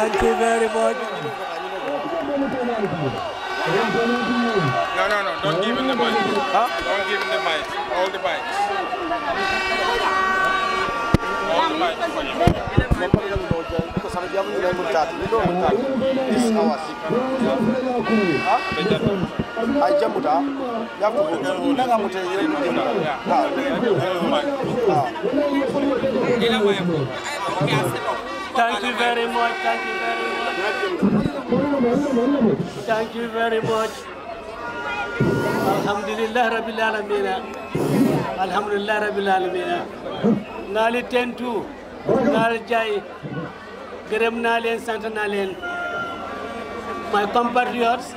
Thank you very much. No, no, no, don't give him the mic. Huh? Don't give him the mic. All the mics. All the mics. I jump up. You have to go. Nanga mute yele mujenda. Ah. Ah. Ila mwe. Ya selo. Thank you very much. Thank you very much. Thank you very much. Alhamdulillah, rabbil رب Alhamdulillah, rabbil لله رب العالمين naa leen tentu gërëm sant my compatriots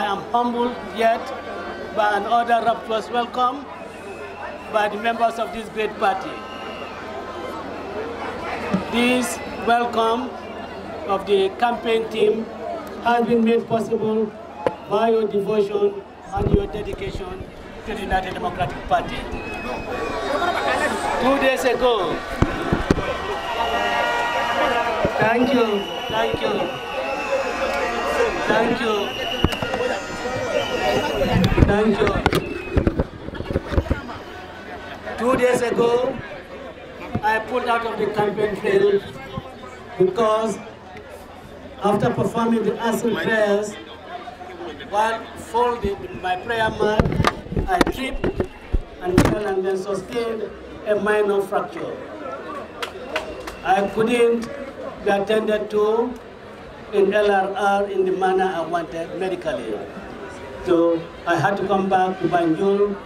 I am humbled yet by an order rapturous welcome by the members of this great party this welcome of the campaign team has been made possible by your devotion and your dedication to the United Democratic Party. Two days ago, thank you, thank you, thank you, thank you. Two days ago, I pulled out of the campaign trail because after performing the asking prayers, while folding my prayer mat, I tripped and fell and then sustained a minor fracture. I couldn't be attended to in LRR in the manner I wanted medically. So I had to come back to Banjul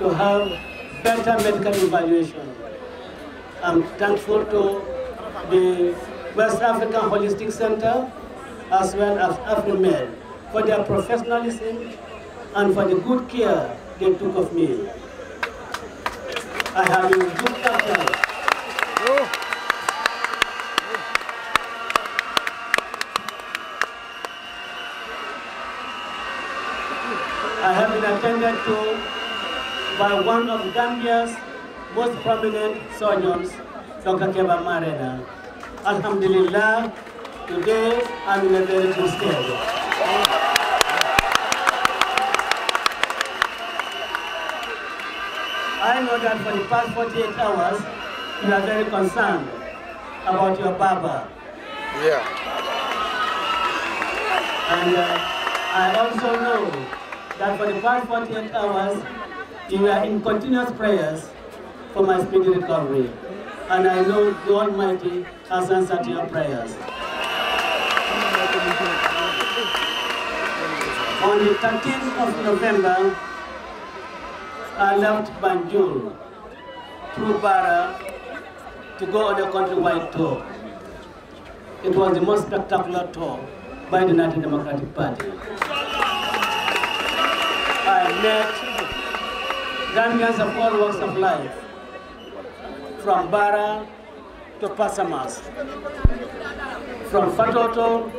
to have better medical evaluation. I'm um, thankful to the West African Holistic Center as well as AfriMed for their professionalism and for the good care they took of me. I have been good captain. I have been attended to by one of Gambia's most prominent Sonyons, Dr. Keba Marena. Alhamdulillah, today I'm in a very good state. I know that for the past 48 hours, you are very concerned about your barber. Yeah. And uh, I also know that for the past 48 hours, you are in continuous prayers for my speedy recovery. And I know the Almighty has answered your prayers. On the 13th of November, I left Banjul through Barra to go on a countrywide tour. It was the most spectacular tour by the United Democratic Party. I met Gambians of all walks of life, from Bara to Pasamas, from Fatoto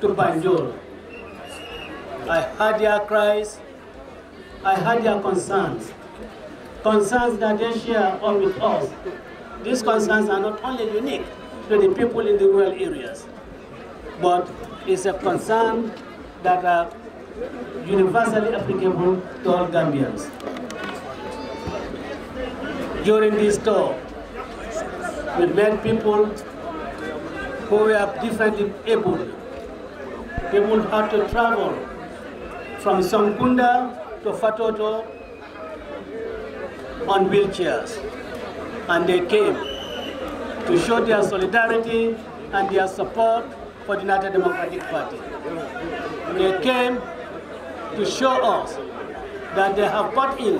to Banjul. I heard their cries, I heard their concerns, concerns that they share all with us. These concerns are not only unique to the people in the rural areas, but it's a concern that are universally applicable to all Gambians. During this talk, with many people who were differently able. People had to travel from Songkunda to Fatoto on wheelchairs. And they came to show their solidarity and their support for the United Democratic Party. They came to show us that they have bought in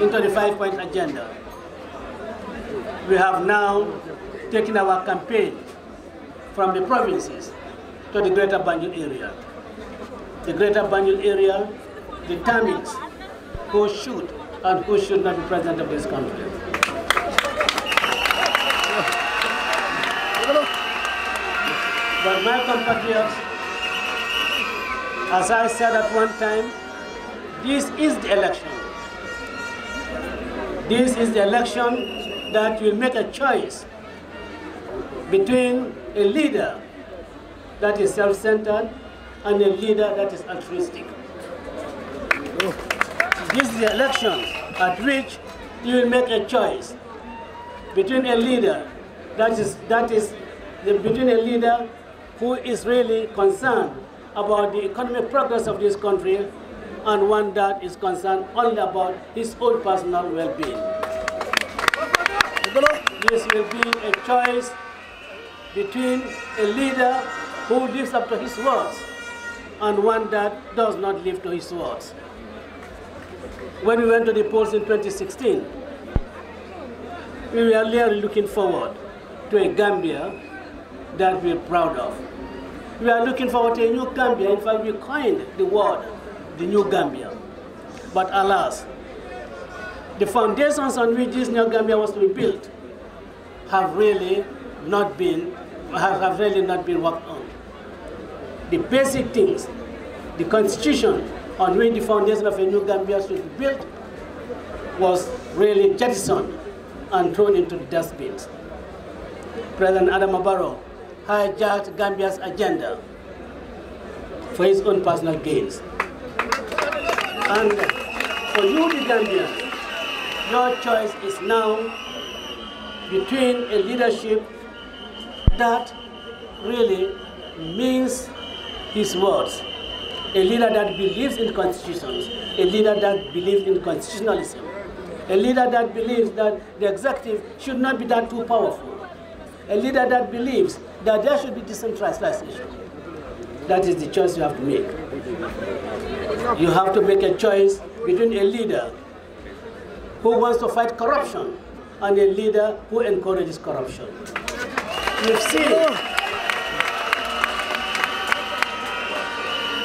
into the five-point agenda we have now taken our campaign from the provinces to the greater Banjul area. The greater Banjul area the Tamils, who should and who should not be president of this country. But my compatriots, as I said at one time, this is the election. This is the election that will make a choice between a leader that is self-centered and a leader that is altruistic. This is the election at which you will make a choice between a leader that is, that is the, between a leader who is really concerned about the economic progress of this country and one that is concerned only about his own personal well-being. This will be a choice between a leader who lives up to his words and one that does not live to his words. When we went to the polls in 2016, we were really looking forward to a Gambia that we're proud of. We are looking forward to a new Gambia. In fact, we coined the word the new Gambia. But alas, the foundations on which this New Gambia was to be built have really not been, have, have really not been worked on. The basic things, the constitution on which the foundation of a New Gambia should be built was really jettisoned and thrown into the dustbins. President Adam Barrow hijacked Gambia's agenda for his own personal gains. And for you, the Gambians, your choice is now between a leadership that really means his words, a leader that believes in constitutions, a leader that believes in constitutionalism, a leader that believes that the executive should not be that too powerful, a leader that believes that there should be decentralization. That is the choice you have to make. You have to make a choice between a leader who wants to fight corruption and a leader who encourages corruption. We've seen,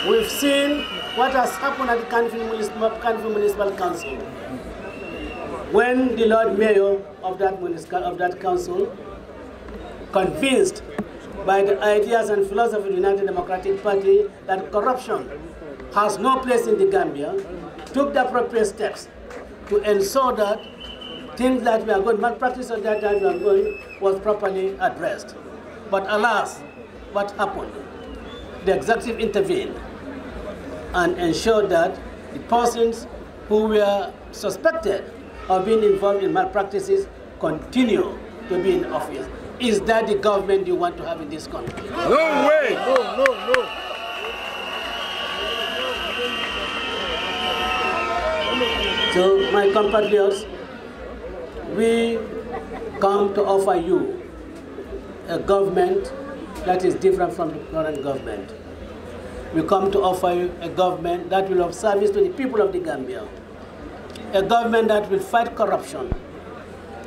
we've seen what has happened at the Kanfi Municipal, Municipal Council. When the Lord Mayor of that, municipal, of that council, convinced by the ideas and philosophy of the United Democratic Party that corruption has no place in the Gambia, took the appropriate steps to ensure that things that we are going, malpractice that, that we are going was properly addressed. But alas, what happened? The executive intervened and ensured that the persons who were suspected of being involved in malpractices continue to be in office. Is that the government you want to have in this country? No way! No, no, no. So my compatriots, we come to offer you a government that is different from the current government. We come to offer you a government that will have service to the people of the Gambia, a government that will fight corruption,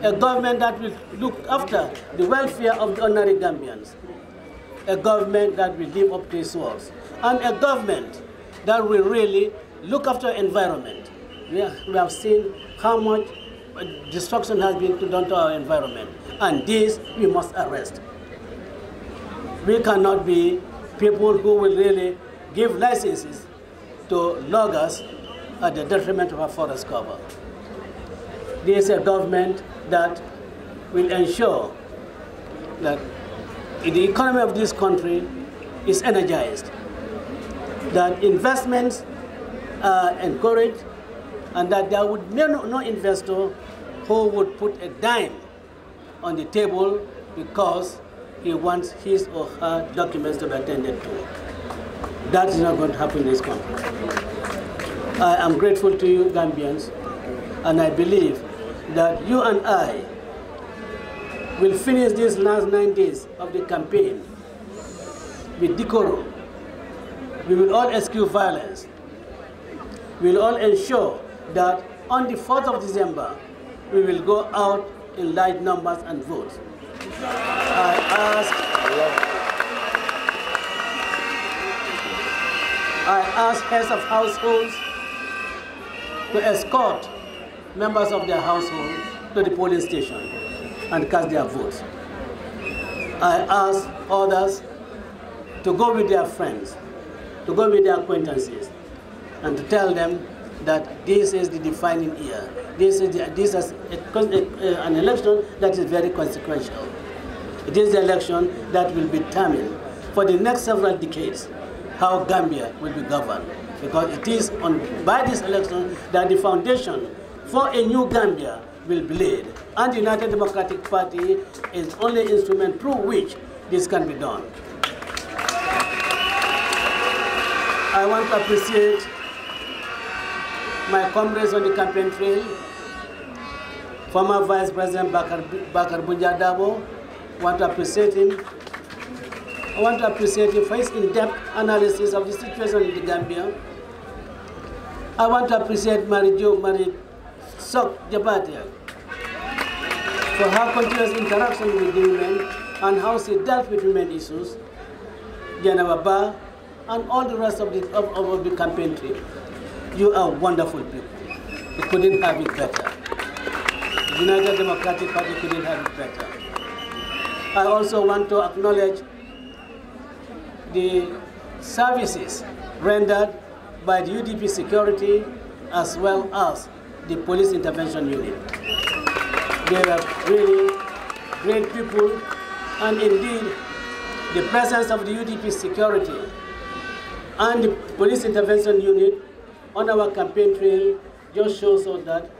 a government that will look after the welfare of the ordinary Gambians, a government that will live up to its words, and a government that will really look after environment, we, we have seen how much uh, destruction has been done to our environment. And this we must arrest. We cannot be people who will really give licenses to loggers at the detriment of our forest cover. This is a government that will ensure that the economy of this country is energized, that investments are encouraged, and that there would be no, no investor who would put a dime on the table because he wants his or her documents to be attended to. That is not going to happen in this country. I am grateful to you, Gambians, and I believe that you and I will finish these last nine days of the campaign with decorum. We will all eschew violence. We will all ensure that on the 4th of December, we will go out in large numbers and vote. I ask, I ask heads of households to escort members of their household to the polling station and cast their votes. I ask others to go with their friends, to go with their acquaintances, and to tell them that this is the defining year. This is, the, this is a, a, uh, an election that is very consequential. It is the election that will determine for the next several decades how Gambia will be governed. Because it is on, by this election that the foundation for a new Gambia will be laid. And the United Democratic Party is only instrument through which this can be done. I want to appreciate my comrades on the campaign trail, former Vice President Bakar, Bakar Bunjadabo, want to appreciate him. I want to appreciate him for his in-depth analysis of the situation in the Gambia. I want to appreciate marie Jo, Marie Sok Jabatia for her continuous interaction with women and how she dealt with women issues, Janaba Ba, and all the rest of the, of, of the campaign trail. You are wonderful people. You couldn't have it better. The United Democratic Party couldn't have it better. I also want to acknowledge the services rendered by the UDP security as well as the police intervention unit. They are really great people and indeed the presence of the UDP security and the police intervention unit on our campaign trail just shows us that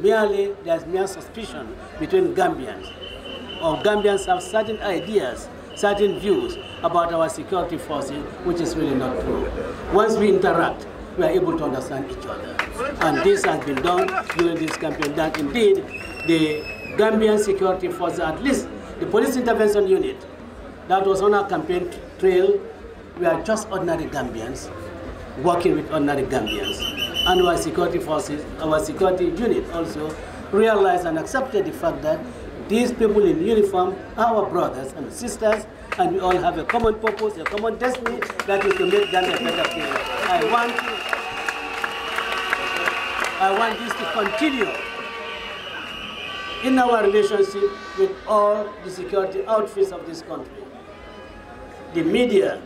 merely there's mere suspicion between Gambians, or Gambians have certain ideas, certain views about our security forces, which is really not true. Once we interact, we are able to understand each other. And this has been done during this campaign that indeed the Gambian security forces, at least the police intervention unit that was on our campaign trail, we are just ordinary Gambians working with ordinary Gambians. And our security forces, our security unit also realized and accepted the fact that these people in uniform are our brothers and sisters, and we all have a common purpose, a common destiny, that is to make Ghana a better place. I want, I want this to continue in our relationship with all the security outfits of this country. The media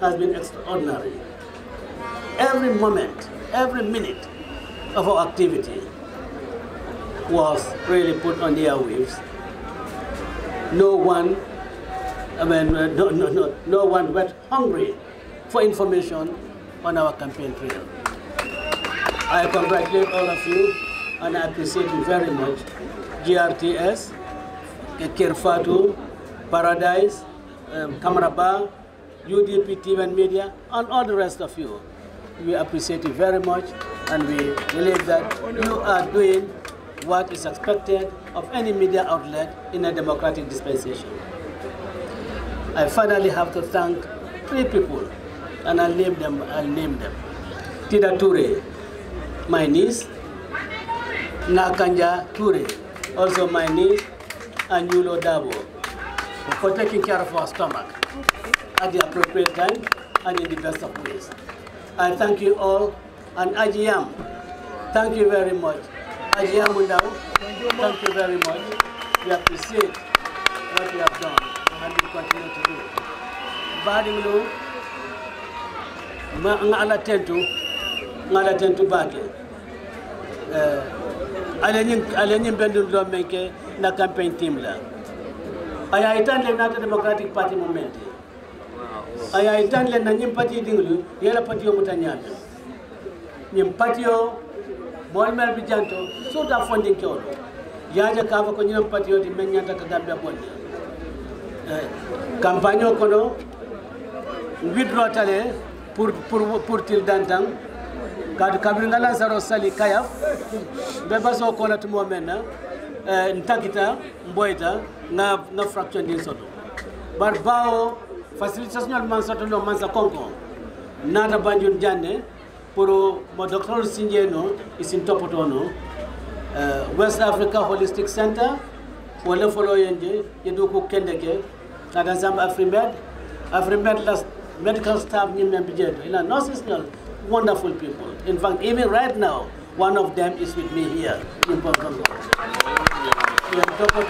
has been extraordinary. Every moment, every minute of our activity was really put on the airwaves. No one, I mean, uh, no, no, no, no one went hungry for information on our campaign trail. I congratulate all of you and I appreciate you very much. GRTS, Kirfatu, Paradise, um, Kamaraba, UDP team and media, and all the rest of you. We appreciate you very much, and we believe that you are doing what is expected of any media outlet in a democratic dispensation. I finally have to thank three people, and I'll name them. I'll name them. Tida Ture, my niece, Nakanja Ture, also my niece, and Yulo Dabo, for taking care of our stomach at the appropriate time and in the best of ways. I thank you all and Ajiyam, thank you very much. Ajiyam Mundao, thank you very much. We appreciate what you have done and will continue to do. Badimlu, ngala tentu, ngala tentu bake. Eh, Alenyin bendu lo menke na campaign team la. Ayahitan le United Democratic Party momenti. aya itan len na ñim pati dinglu yela pati mu tanya ñim pati yo mol mel bi janto so ta fondi ke wodo yaaja ka ko ñim pati yo di men ñanta ka gambia bon campagne eh, ko no tale pour pour pour til dantang kadu kabri ngala saro sali kayaf be baso ko la tumo menna eh, ntakita mboyta na na fraction din soto facilitation mansa to no mansa konko nata banjun janne pour mo docteur sinjeno isin topotono uh, west africa holistic center wala folo yende yedo ko kende ke nata zam afrimed afrimed last medical staff nyimna bijeto ila nurses nyol wonderful people in fact even right now one of them is with me here in Portugal. We have Dr.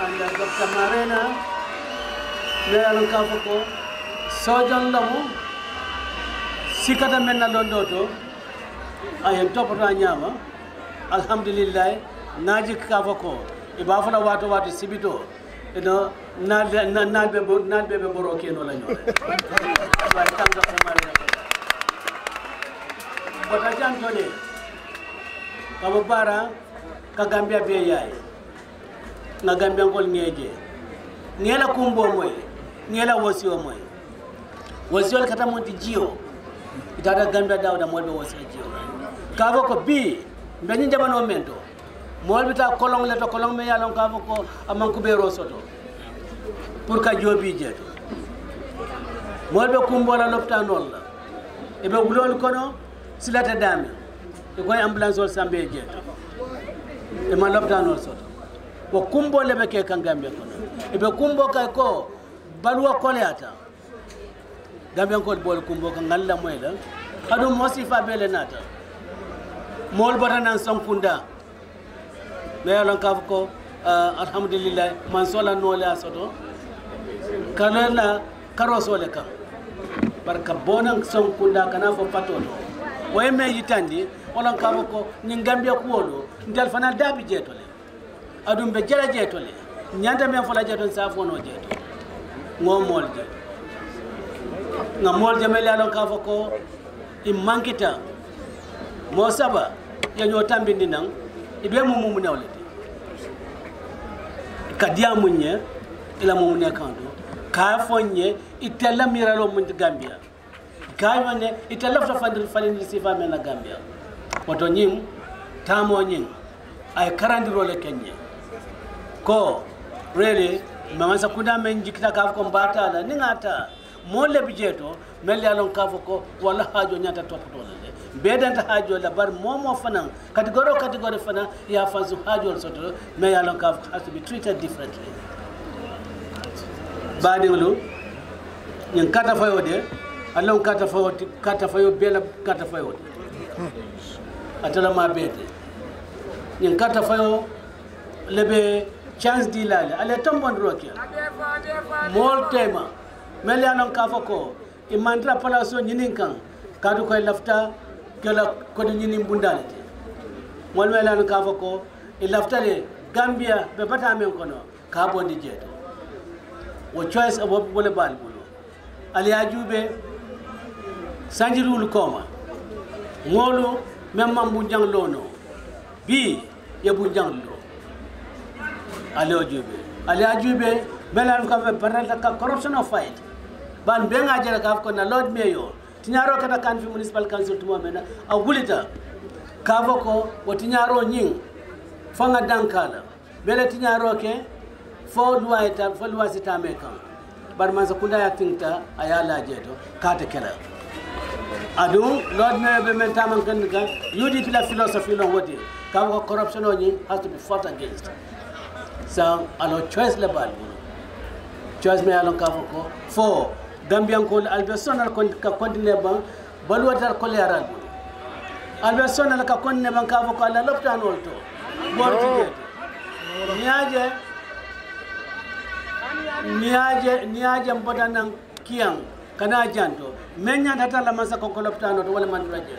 and Dr. Marina, weeran kanko ko sojanlamo sikkata men na ɗon ɗo to a hen toppata ñaama alhamdulillahi naaji kafa ko e bafana wato wato sibito eno naatɓe ɓe ɓoro keno lañore way tanga omare bota jantone kamo bara ka gambia be yaye nga gambiyankol ŋeeje ŋeela kumbo moye ñela moyo wosi wa kata monti jio itata ganda dawda da ɓe wosiwo jio ka ko bi mbeñi jamano men to mool ɓe ta kolong le to kolong men yalon ka fo ko amankuɓeero soto pour ka joobi je to mool ɓe kumbola lopitan non la eɓe wulol kono silata dami e koye ambulance ol sambe e ma ema lopitan soto ko kumbo be ke kangam ɓe kono eɓe kumbo kay ko baluwa koleyata gambenkol bool kumbo ka ngal moyla moy la aɗum mo sifa bele nata mool bota nan sankunda mais alon ka ko uh, alhamdulillah man sola noole a soto kalona karo sole kam par ka bonan sankunda kana fo patoto woye me yitandi olon ka ko ni gambia kuwolo ndel fana daabi jeetole adum ɓe jela jeetole ñanta me fola jeeton safono jeetole ngomol je ngamol je mele alon kafa ko imankita mo saba ya nyo tambindi nan ibe mu mu nawle kadiya munye ila mu ne kando ka fonye itella miralo mun gambia ka yone itella fa fandir falin sifa na gambia wato nyim tamo nyim ay karandirole le kenya ko really mama sa kuda men jikita kaf ko mbata la ni ngata mo bijeto meli alon kafu kaf ko wala hajo nyata topoto le bedanta hajo la bar momo fanan kategoro kategoro fanan ya fazu hajo soto meli alon kafu has to be treated differently ngulu nyan kata fayo de alon kata fayo kata fayo bela kata fayo de atala mabete nyan kata fayo lebe chance dilale ale tombon roke mol tema mele anon ka fako e mandra palaso nyinin kan kadu koy lafta gala ko de nyinin bundale mol mele anon ka fako e lafta le gambia be bata men kono ka bondi jeto wo choice abo bole bal bulo ali ajube sanjirul koma ngolo memma bu janglono bi ye bu janglo alio jube alia jube belan ka fe parata ka corruption of fight ban benga nga jere ka ko na lord mayor tinyaro kata kan fi municipal council tumo mena a gulita ka ko watinyaro nyin fanga dankala bele tinyaro ke fo white ita fo luwa sita me bar man sa kunda ya tinta ayala jeto kata kela adu lord mayor be men man kan ka yudi la philosophy lo wodi ka corruption o nyin has to be fought against sa alo choice le bal bulo choice me alo ka ko fo gambian ko albe sonal ko ka kontine ban balwatar ko le aral bulo albe sonal ka kontine ban ka ko ala loptan olto borti je niaje niaje niaje mbodanan kiyang kana janto menya tata la masa ko loptan to wala man raje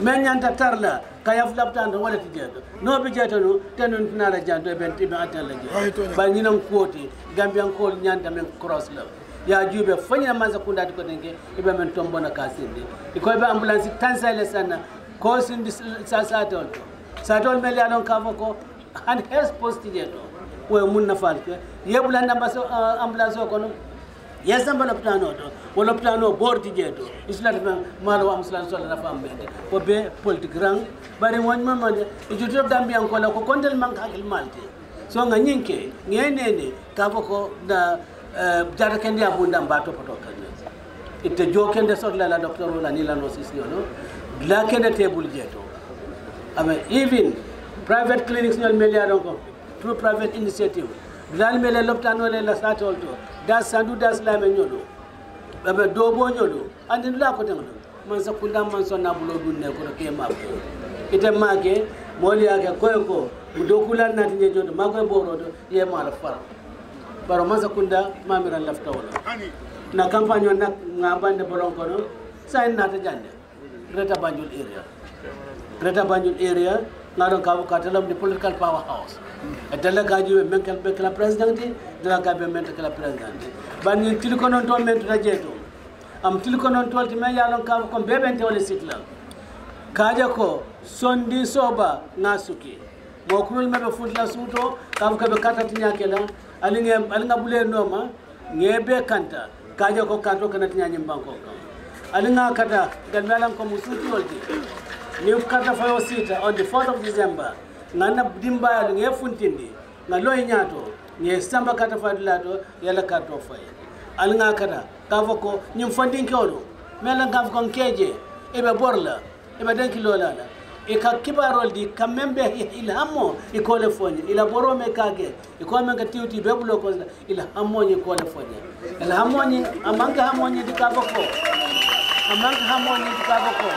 men ñanta tarla ka labtanto wala ti jeeto nooɓe jeeto no tenon finala janto eɓen tiɓe attella jee ɓay ñinan kooti gambiyankol ñanta men cross la ya juɓe foñina mansa kundati koten ke eɓe men tombona ka sinde e koyeɓe ambulance tan sanna ko sindi satol to satol mel ya ɗon ko han hes posti jee ɗo koye mun nafal ke yeɓulande ah, ambulance o kono yesamba lopitano to wo lopitano borti je to islata mala wa muslan sola nafa mbede ko be politique rang bari won mama de ijuto gambian ko la ko kontel man hakil malte so nga nyinke ngenene ka ko na jara kendi abu ndamba to poto kan itte jokende sola la docteur wala ni la no sisio no la kende table je to amen even private clinics ñol melia ko through private initiative dal mele loptano le la satol to da sandu das la men nyodo babe do bo nyodo andin la ko tan man sa kundam man so na bulo dun ne ko ke ma ko ite ma ke moli ake koy ko e do kulan na tinje jodo ma koy e boro do ye ma la far baro man sa kunda ma mi ran lafta wala na campagne na ngabande bolon ko no sa na ta jande reta banjul area reta banjul area ngaɗon kabo ka telomde political power house e délégat ji ɓe men kelɓe kala président de délégat ɓe men to kala président de bannin tilko noon toon men tuta jee to am tilko noon tolti men yaɗon kabo kon beɓen tewle sitlal kaja ko sondi soba ga suki mo kurol meɓe futla suuto kabo koɓe ali nga alie aliga ɓulenoma ŋeɓe kanta kaja ko kanto kanatiñañim banko kam ali nga kata galmi alan ko mo suutiwol ni karta fayo sita on the 4th of december dimba dimbayalu nge funtindi na loy ñaato ni samba karta fayo lato yalla kato fay al nga kata kafo ko ñum fandin kewlo mela ngaf kon keje ebe borla ebe denki lolala e ka kibarol di kam membe ilhammo e kole foñe ila borome kage e ko men ka tiwti be bulo ko ilhammo ñi kole foñe ilhammo ñi amanga hammo ni di ka ko amange hamonyiti kakoko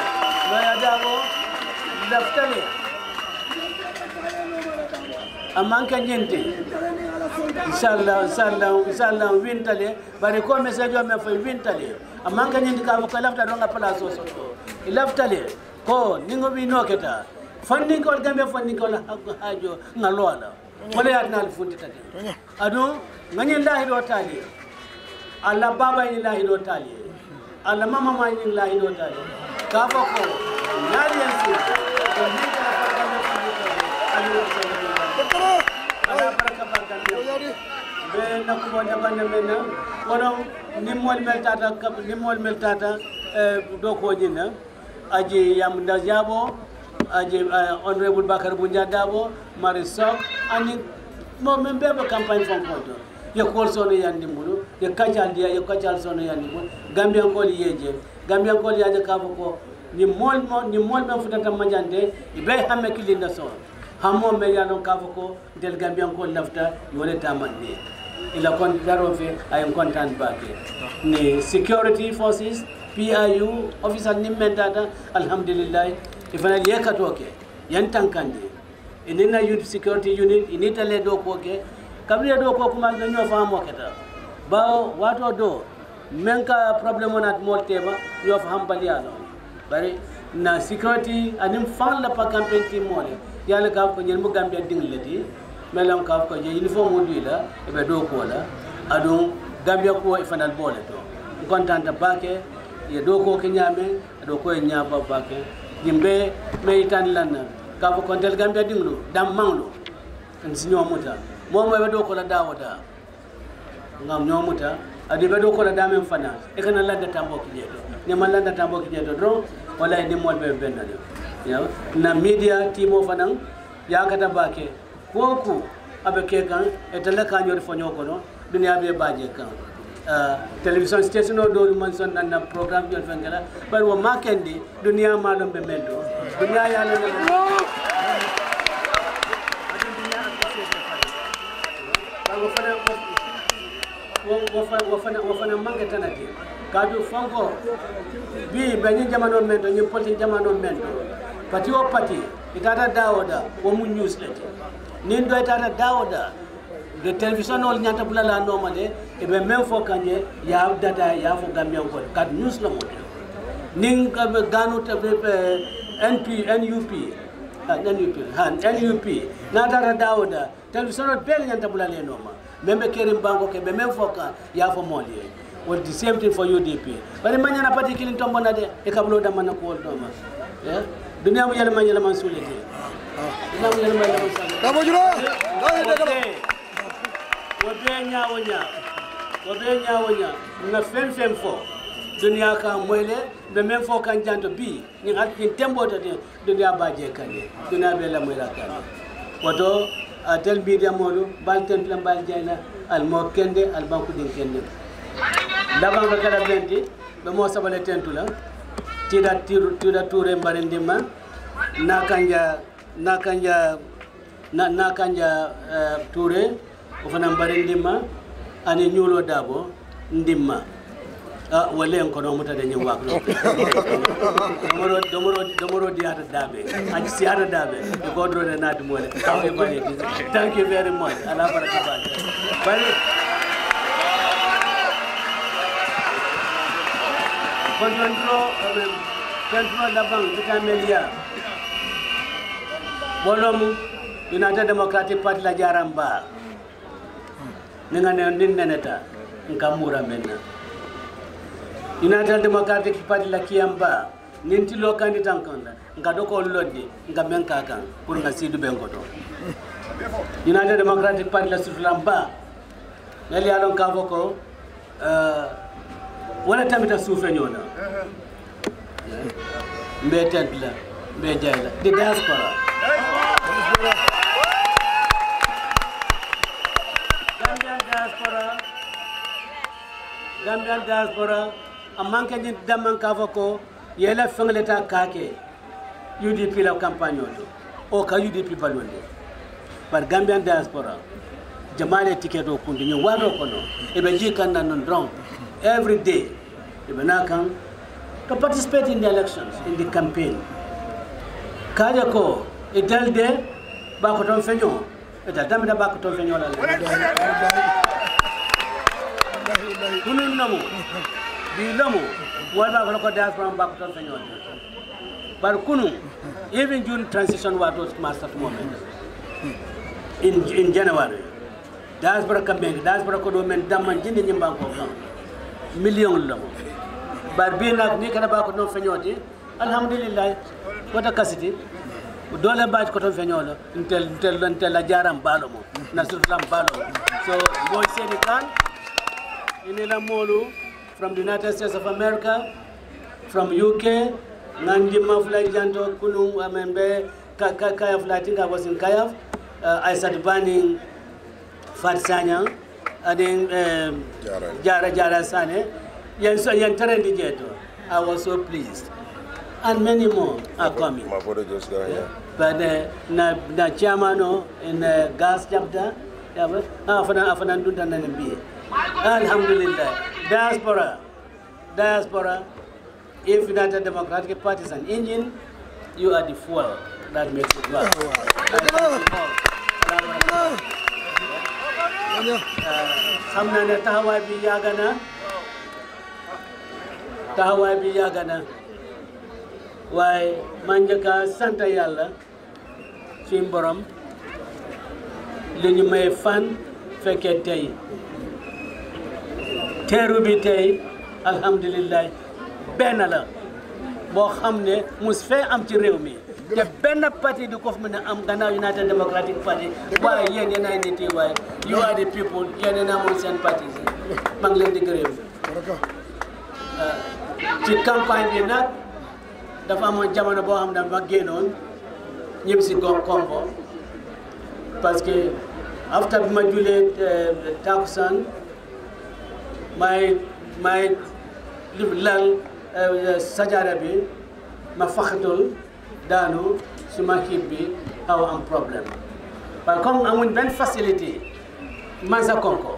noyajabo daftale amanke ñinti Sala, Sala, inchallah wintale bari ko message o men foye wintale amanke ñinti kako ko lafta ɗon a place o soto laftale ko ningo winoketa fandinkewol gambe fandinkewol haajo ngaloola wala yaatinaali funtitade adu gañin laahiɗo tali. allah baba ini laahiɗo tali. alama mama ni lahi do ta ka ba ko nari yan si to ni ka farka na ku ni ani wa sa ni ala baraka barka ni be na ku wanda banna mena wono ni mol mel tata ka ni mol mel tata uh, do ko ni na uh, aji yam da jabo aji uh, honorable bakar bunja dabo mari sok ani mo men be ba campagne fon ko do ye ko so ne yandi mulu ye kacal diya ye kacal sonoyandi gambiyankoli yeje gambiyankoli yaje ka fo ko ni mool ni mool men futata majande ɓe hamme killinda soon hammo men ya noon ka fo ko ndel gambiyankol lafta yone e tamanne ila kon daro fe ay content bake ni security forces piu officer ni mendata alhamdulillah ifanal e yekatoke yan tankande inina e youth security unit initale ɗo koke kamɗe ɗo ko kuma no ñoo famo bawo wato do men ka problème onat mool tema yof hambaliya lo bari na security anim fan la pa campaign ti moole yalla ka ko ñen mu gambia dingle ti melam ka ko je uniforme du la e be do ko la adon gambia ko e fanal boole to contente bake ye do ko ke ñame e do ko e ñaba bake yimbe me tan lan ka ko kontel gambia dinglu dam manglu en sinyo muta mo mo be do ko la dawata ngam nomuta adi ɓe ɗo koɗa damen fana e kana ladda tamboki je to nema ladda tamboki je to don wala e ndimmol ɓe benna ɗo na media timo fanan yakata bake koku aɓe ke kan e tele kañori foño kono duniya ɓe baje kan ah, télévision station o ɗo ɗuman son anna programme jon fen kala wo makendi duniya maɗon ɓe men ɗo duniya yalaa wofana mange tana ti kadu fonko bi beñi jamano men to ñin politique jamano men to pati o pati itata dawoda womu news le ti nin do itata dawoda de télévision ol ñanta bulala nooma de e ɓe même fo kanje ya data ya fo gambiyankole kad news la mo nin ganu np nup nup ha nup na data dawoda télévision ol ɓeele ñanta bulale nooma membe keri banko ke be men foka ya fo moli won the same thing for UDP bari manya na pati kilin tombo na de e kablo da man ko do ma eh dunya mu yalla manya man suli ke dunia mu yalla manya man suli da mo julo da de eh? da wo be nya wo nya wo be nya wo nya na fem fem fo dunia ka mwele be men fo kan janto bi ni hat ni tembo de dunia ba je kan dunia be la mwela kan wato a tel mbiidea moolu mbal tempila mbaali jeyna almoo kende albankudin kende ndabanga kada benti ɓe moo saɓole tentula tiiɗa tiiɗa tuure mbare ndimma nakanja nakanja nakanja eh, tuure o fana mbare ndimma ani ñuulo daabo ndimma Ah, walen ko ɗon mutade ñing waak ɗo domoro domoro domoro di ata daaɓe hac si ata daaɓe e godorode nadde mole tawe baneti tank you very much ala baraka bane bari kontontro kontro labang bita melia bolom united democratic party la jaram ba ni nga ne nin neneta ngam mura menna united democratic party la ninti nintilo kanditan kanda nga doko lodde nga men ka kan pour nga sidu ben goto united democratic party la sutulan ba lali alon kavoko eh, wala tamita suufe ñona mbe tent la mbe jay la di diaspora gambian diaspora gambian diaspora amman ke jin damman ka fo ko yela fengle ta UDP la campagne to o ka UDP balonde par Gambian diaspora jamale ticket o kundi ni wado kono e be ji kan nan every day e nakam na to participate in the elections in the campaign kaja ko e dalde ba ko ton feño e da dambe da ba ko ton feño la hunun namo ɗi lamu wolɓa kono ko dance ma mbako tan soñoode bar kunu even june transition wato ma sat moment in in january dance bara kamɓe dance bara ko ɗo men damman jinde ñimbanko kan million lamu bar binaako ni kada mbako di feñoode alhamdulillahi wota kasiti dole mbaji ko toon feñoolo ntel ntel ntel a jaram mbaalo mo nasrutulam mbaalo mo so mboy seeni kan inila moolu from the United States of America, from UK, Nandima Flajanto, Kunung Amembe, Kayav, I think I was in Kayav. Uh, I started burning Fatsanya, and then um, Jara Jara Sane. I was so pleased. And many more are coming. My photo just got here. But na na chairman in gas chapter, afana afana ndunda na mbiye. Alhamdulillah. Diaspora. Diaspora. If United Democratic Party is an engine, you are the fuel that makes it work. Uh, samna na tahawa bi ya gana. bi ya gana. manjaka santa yalla ci mborom liñu fan fekke tay teeru bi tey alhamdulilah benn la boo xam ne mus fee am ci réew mi te benn parti du ko mën a am gannaaw United Democratic Party waaye yéen yéen ay nit waaye you are the people yéen yéen a amoon seen parti si maa ngi leen di gërëm uh, ci campagne bi nag dafa amoon jamono boo xam ne ma génnoon ñëpp si gox Kombo parce que after bi ma julee uh, takusan may may lal euh, sajaara bi ma faxatul daanu suma kiib bi xaw am problème waaye comme amuñ benn facilité Mansa Konko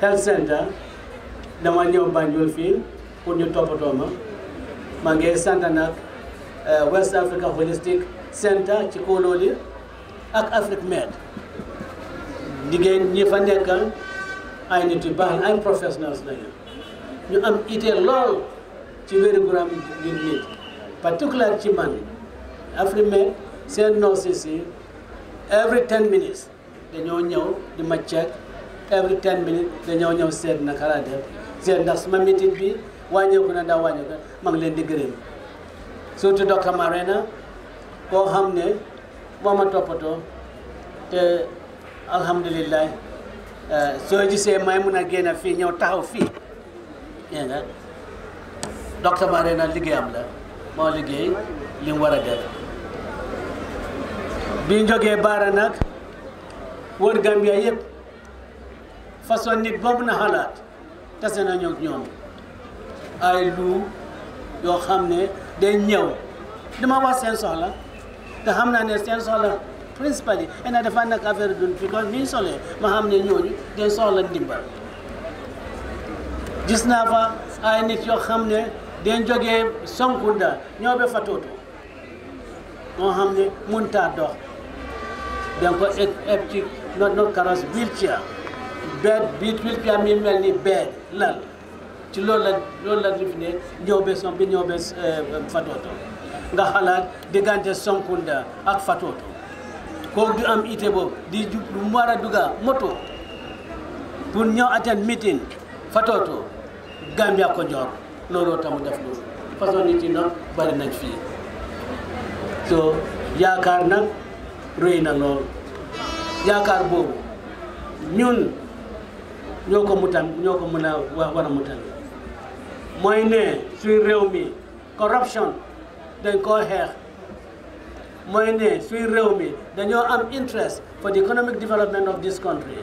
health center dama ñëw Banjul fii pour ñu toppatoo ma maa ngi sant nag euh, West Africa Holistic Center ci Kololi ak Afrique Med liggéey ñi fa nekk ay nit yu baax la ay professionnels lañu ñu am idée lool ci wér-gu-yaram nit ci man Afrique seen nurses yi every ten minutes dañoo ñëw di ma check every ten minutes dañoo ñëw seet naka laa def seet ndax ma meeting bi wàññeeku na daa wàññeeku na ngi leen di gërëm surtout docteur Marena koo xam ne moo ma toppatoo te alhamdulilah. Eh, soo gisee may mun a génn fii ñëw taxaw fii dégg nga docteur Marena liggéeyam la moo liggéey li war a def bi jógee baara nag wër Gambia yëpp façon nit boobu na xalaat tase na ñoom ñoom ay lu yoo xam ne day ñëw li ma wax seen soxla te xam naa ne seen soxla principally and a dafa nekk affaire dund fi solee ma xam ne ñooñu dañ soxla ndimbal gis naa fa ay nit yoo xam ne dañ jógee Sonkunda ñoo ba fa tuutu moo xam ne mënta dox dañ ko eb ci not not carrosse wheelchair bed bi wheelchair mi mel ni bed lal ci loolu la loolu la def ne ñëw ba som bi ñëw ba euh, Fatoto nga xalaat diggante Sonkunda ak Fatoto oo du am ité boobu di jub lu mu war a dugga moto pour ñëw attend meeting fatooto Gambia ko ñor looloo tax mu def loolu façon nit yi nag bari nañ fii so yaakaar nag rëy na lool yaakaar boobu ñun ñoo ko mu mutan ñoo ko mën a war a mutan mooy ne suñu réew mi corruption dañ koo xeex mooy ne suy réew mi dañoo am interest for the economic development of this country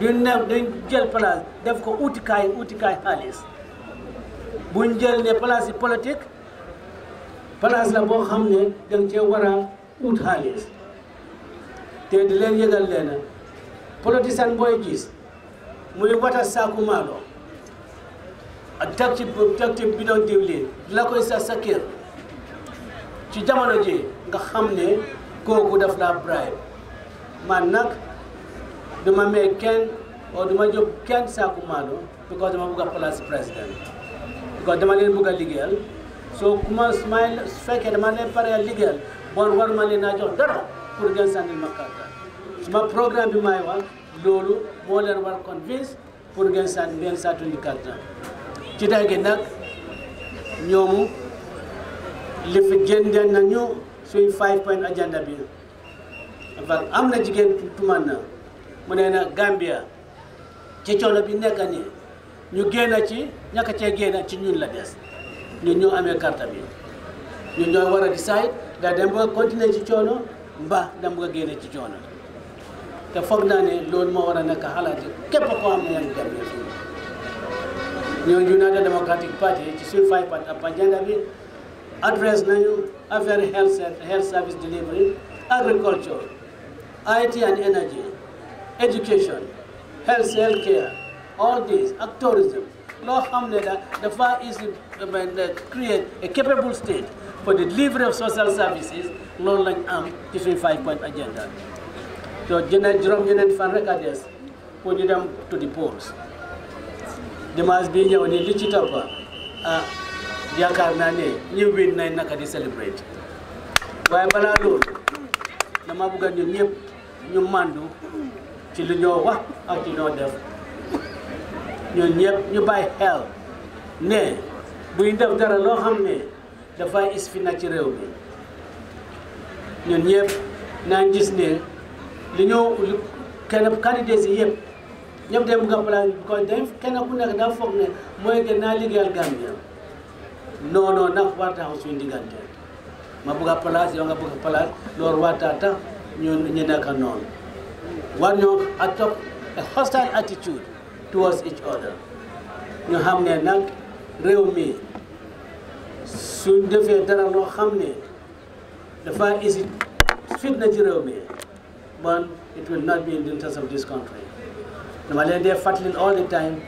duñ ne duñ jël place def ko utikaay utikaay xaalis buñ jël ne place yi politique place la boo xam ne danga cee war a ut xaalis te di leen yëgal leen politicien booy gis muy wata saaku maalo ak teg ci teg ci bidon diwlin la koy sa sa kër ci jamono ji nga xam ne kooku daf laa bribe man nag duma may kenn oo duma jóg kenn saaku maalo because dama bëgg a place président because dama leen bugg a liggéeyal soo kuma su may fekkee dama leen pare a liggéeyal bon ma leen naa jox dara pour ngeen sànnil ma kàrta suma programme bi may wax loolu moo leen war convince pour ngeen sànni ngeen sàttuñu kàrta ci daggi nag ñoomu lifi génneel nañu suy five point agenda bi dafa am na jigéen tuman na mu ne na Gambia ci coono bi nekk ni ñu génn ci ñàkk cee génn ci ñun la des ñun ñoo amee carte bi ñun ñoo war a decide da dem ba continuer ci coono mba dem nga génn ci coono te foog naa ne loolu moo war a nekk xalaati képp koo xam ne yaa ngi Gambia fii ñoo United Democratic Party ci suñ five point agenda bi address nañu affaire health health service delivery agriculture IT and energy education health health care all these, ak tourism loo xam ne da dafa easy eh, create a capable state for the delivery of social services not like am ci five point agenda so General juróom ñeneen fan rek a des pour ñu to the polls dimanche bii ñëw nii li ci toppa ah yaakaar naa ne ñu win nañ naka di celebrate waaye balaa loolu dama bëgg a ñun ñëpp ñu màndu ci lu ñoo wax ak ci ñoo def ñun ñëpp ñu bàyyi xel ne buy def dara loo xam ne dafay is fi na ci réew mi ñun ñëpp naan gis ne li ñoo kenn candidat yi yëpp ñëpp dem nga plan ko def kenn ku nekk daa foog ne mooy gën naa liggéeyal Gambia nono nak warta ho sundi gande mabuga place yo ngabuga place lor warta ta ñun ñi naka non war ñoo atop a hostile attitude towards each other ñu xam ne real me. Soon, suñ defee dara loo xam ne dafa isi fitna ci réew mi bon it will not be in the interest of this country dama leen dee fàttalin all the time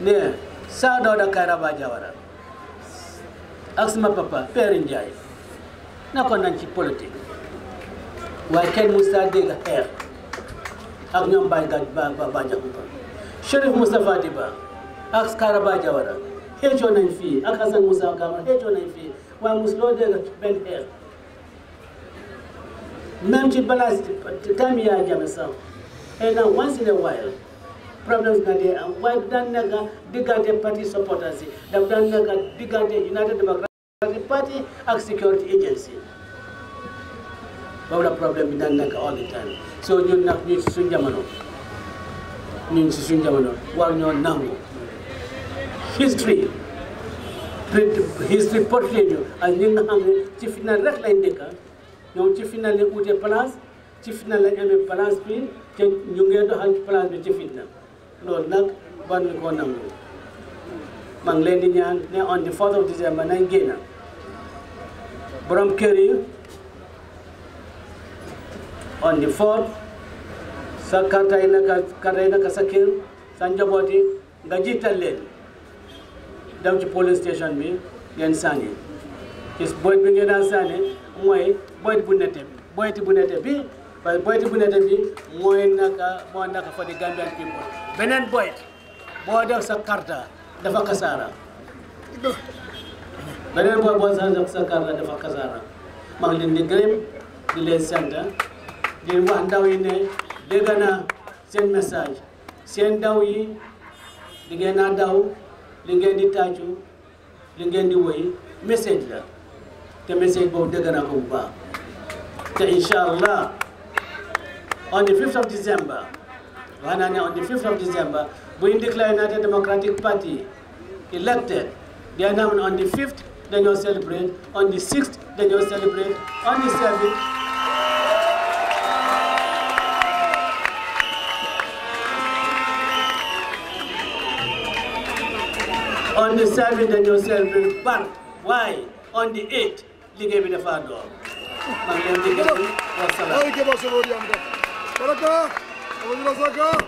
ne saa dooda Kairaba Jawara ak sama papa Père Ndiaye nekkoon nañ ci politique waaye kenn mu saa dégg ak ñoom Baye Gagne ba ba Ba Diakhoumpa Chérif Moustapha Diba ak Karaba Diawara xeexoo nañ fii ak Hassan Moussa Camara xeexoo nañ fii waaye mos loo benn xeex même ci balaa time yaa jame sax xëy once in a while problems nga dee am waaye daan nekk party supporters yi daf daan nekk United Democratic Party ak security agency boobu la problème bi all the time so ñun nag ñu si jamono ñun si suñ jamono war ñoo nangu history history portrait ñu nga xam ci final rek lañ dëkka ñoom ci final lañ ute place ci final lañ amee place bi te ñu ngee doxal place bi ci final loolu nag war nañu koo nangu maa ngi leen di ñaan ne on the fourth of December nañ génn borom kër yi on the fourth sa karta yi naka karta yi naka sa kër sa njaboot yi nga jiital leen dem ci police station bi ngeen sànni gis boyt bi ngeen daan sànni mooy boyt bu nette boyti bu nette bi waaye boytu bu ne bi mooy naka moo naka fa di Gambian people beneen boyt boo def sa karta dafa kasaara beneen boyt boo def sa karta dafa kasaara maa ngi di gërëm di leen sant di wax ndaw yi ne seen message seen ndaw yi li ngeen naa daw li ngeen di tàccu li ngeen di woy message la te message boobu dégg naa ko te incha on the 5th of December, on the 5th of December, we declare United Democratic Party elected. Then on the 5th, then you celebrate. On the 6th, then you celebrate. On the 7th, on the 7th, then you celebrate. But why? On the 8th, they gave me the fado. 田中小島さんか